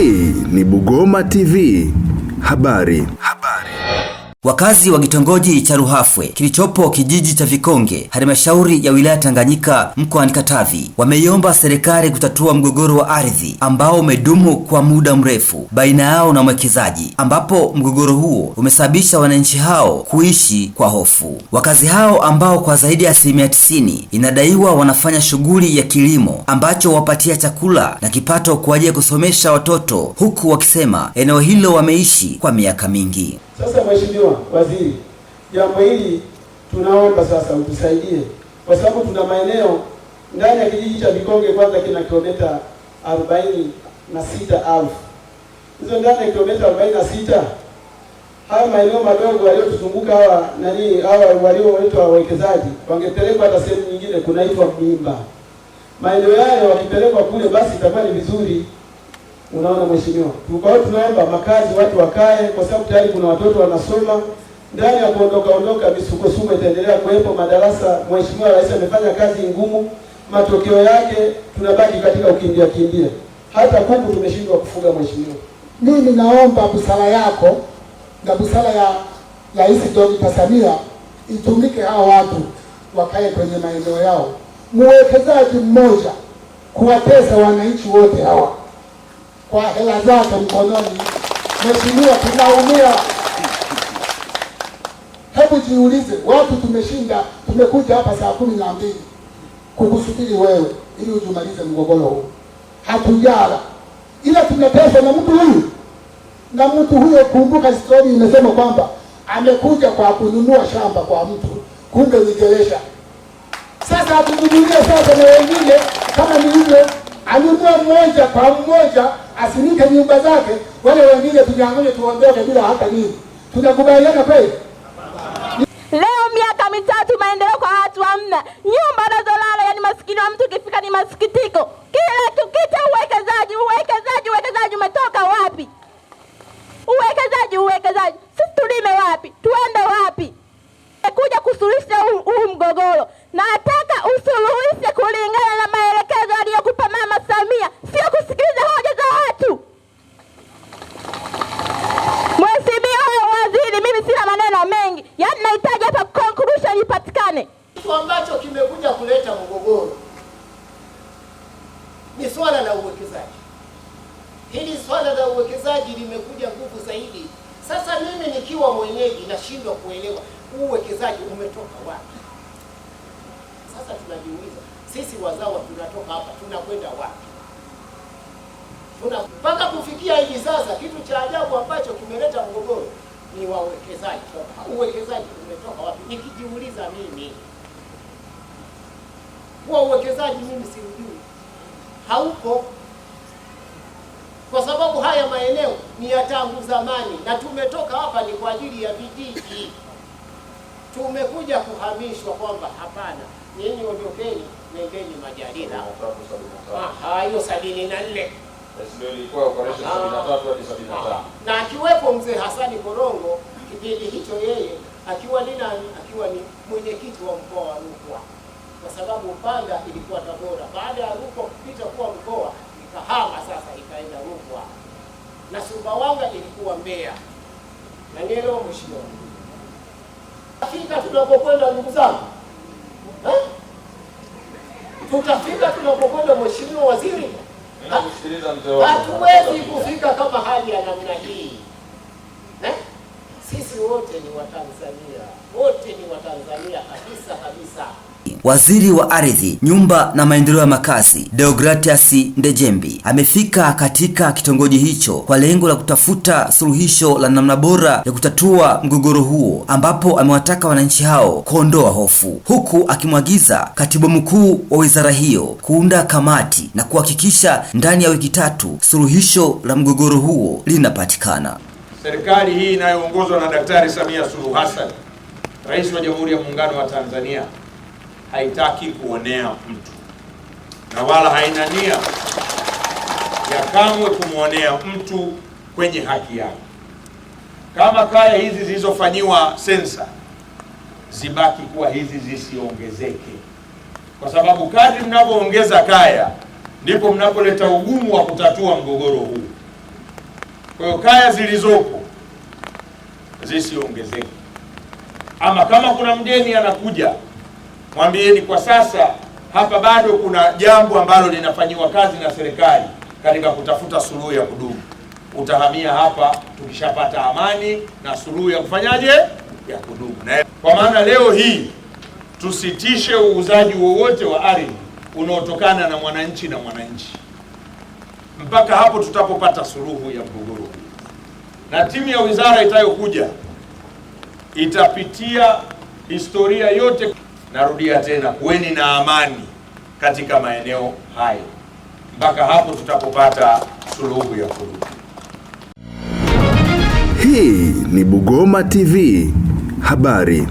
Hii ni Bugoma TV. Habari. Wakazi wa kitongoji cha Ruhafwe kilichopo kijiji cha Vikonge, halmashauri ya wilaya Tanganyika mkoani Katavi, wameiomba serikali kutatua mgogoro wa ardhi ambao umedumu kwa muda mrefu baina yao na mwekezaji, ambapo mgogoro huo umesababisha wananchi hao kuishi kwa hofu. Wakazi hao ambao kwa zaidi ya asilimia tisini inadaiwa wanafanya shughuli ya kilimo ambacho wapatia chakula na kipato kwa ajili ya kusomesha watoto, huku wakisema eneo hilo wameishi kwa miaka mingi. Sasa Mheshimiwa Waziri, jambo hili tunaomba sasa utusaidie, kwa sababu tuna maeneo ndani ya kijiji cha Vikonge kwanza kina kilomita arobaini na sita elfu hizo ndani ya kilomita arobaini na sita haya maeneo madogo waliotuzunguka hawa nani hawa walioitwa wawekezaji wangepelekwa hata sehemu nyingine kunaitwa mimba. Maeneo yayo wakipelekwa kule, basi itakuwa ni vizuri. Unaona mheshimiwa, kwa tunaomba makazi watu wakae, kwa sababu tayari kuna watoto wanasoma ndani ya kuondoka ondoka, misukosuko itaendelea kuwepo madarasa. Mheshimiwa Rais amefanya kazi ngumu, matokeo yake tunabaki katika ukimbia kimbia, hata kuku tumeshindwa kufuga. Mheshimiwa, mimi naomba busara yako na busara ya Rais Dr. Samia itumike, hao watu wakae kwenye maeneo yao, mwekezaji mmoja kuwatesa wananchi wote hawa kwa hela zake mkononi. Mheshimiwa, tunaumia. Hebu jiulize, watu tumeshinda, tumekuja hapa saa kumi na mbili kukusubiri wewe ili ujumalize mgogoro huu. Hatujala ila tumeteswa na mtu huyu na mtu huyo. Kumbuka stori imesema kwamba amekuja kwa kununua shamba kwa mtu, kumbe ni geresha. Sasa hatujidulie sasa na wengine kama nilivyo alinua mmoja kwa mmoja, asinike nyumba zake, wale wengine tunyang'anye, tuondoke bila hata nini. Tunakubaliana kweli? Leo miaka mitatu maendeleo kwa watu hamna, nyumba anazolala yani masikini wa mtu ukifika ni masikitiko, kila tukita uwekezaji, uwekezaji, uwekezaji. Umetoka wapi uwekezaji? Uwekezaji sisi tulime wapi? Tuende wapi? Kuja kusuluhisha huu mgogoro, nataka usuluhishe hili swala la uwekezaji limekuja nguvu zaidi. Sasa mimi nikiwa mwenyeji nashindwa kuelewa uwekezaji umetoka wapi. Sasa tunajiuliza sisi wazawa tunatoka hapa tunakwenda wapi? Tuna mpaka kufikia hivi sasa, kitu cha ajabu ambacho kimeleta mgogoro ni wawekezaji. Uwekezaji umetoka wapi? Nikijiuliza mimi kuwa uwekezaji mimi siujui, hauko kwa sababu haya maeneo ni ya tangu zamani, na tumetoka hapa ni kwa ajili ya vijiji. Tumekuja kuhamishwa kwamba hapana, nyinyi ondokeni, nendeni Majalila. Hiyo sabini na nne na akiwepo mzee Hasani Korongo kipindi hicho, yeye akiwa nani akiwa ni mwenyekiti wa mkoa wa Rukwa, kwa sababu Mpanda ilikuwa Tabora, baada ya Rukwa kupita kuwa mkoa Kahama sasa ikaenda Rukwa na Sumbawanga ilikuwa Mbeya na nielewa mheshimiwa. Tutafika tunapokwenda ndugu zangu, tutafika tunapokwenda mheshimiwa waziri, hatuwezi kufika kama hali ya namna hii. Eh? Sisi wote ni Watanzania, wote ni Watanzania kabisa kabisa. Waziri wa Ardhi, Nyumba na Maendeleo ya Makazi, Deogratias Ndejembi amefika katika kitongoji hicho kwa lengo la kutafuta suluhisho la namna bora ya kutatua mgogoro huo, ambapo amewataka wananchi hao kuondoa hofu, huku akimwagiza katibu mkuu wa wizara hiyo kuunda kamati na kuhakikisha ndani ya wiki tatu suluhisho la mgogoro huo linapatikana. Serikali hii inayoongozwa na Daktari Samia Suluhu Hassan, Rais wa Jamhuri ya Muungano wa Tanzania haitaki kuonea mtu na wala haina nia ya kamwe kumwonea mtu kwenye haki yake. Kama kaya hizi zilizofanyiwa sensa zibaki kuwa hizi zisiongezeke, kwa sababu kadri mnapoongeza kaya ndipo mnapoleta ugumu wa kutatua mgogoro huu. Kwa hiyo kaya zilizopo zisiongezeke, ama kama kuna mgeni anakuja mwambieni kwa sasa hapa bado kuna jambo ambalo linafanyiwa kazi na serikali katika kutafuta suluhu ya kudumu. Utahamia hapa tukishapata amani na suluhu ya kufanyaje ya kudumu. Na kwa maana leo hii tusitishe uuzaji wowote wa ardhi unaotokana na mwananchi na mwananchi mpaka hapo tutapopata suluhu ya mgogoro. Na timu ya wizara itayokuja itapitia historia yote. Narudia tena, kuweni na amani katika maeneo hayo mpaka hapo tutakopata suluhu ya kudumu. Hii ni Bugoma TV habari.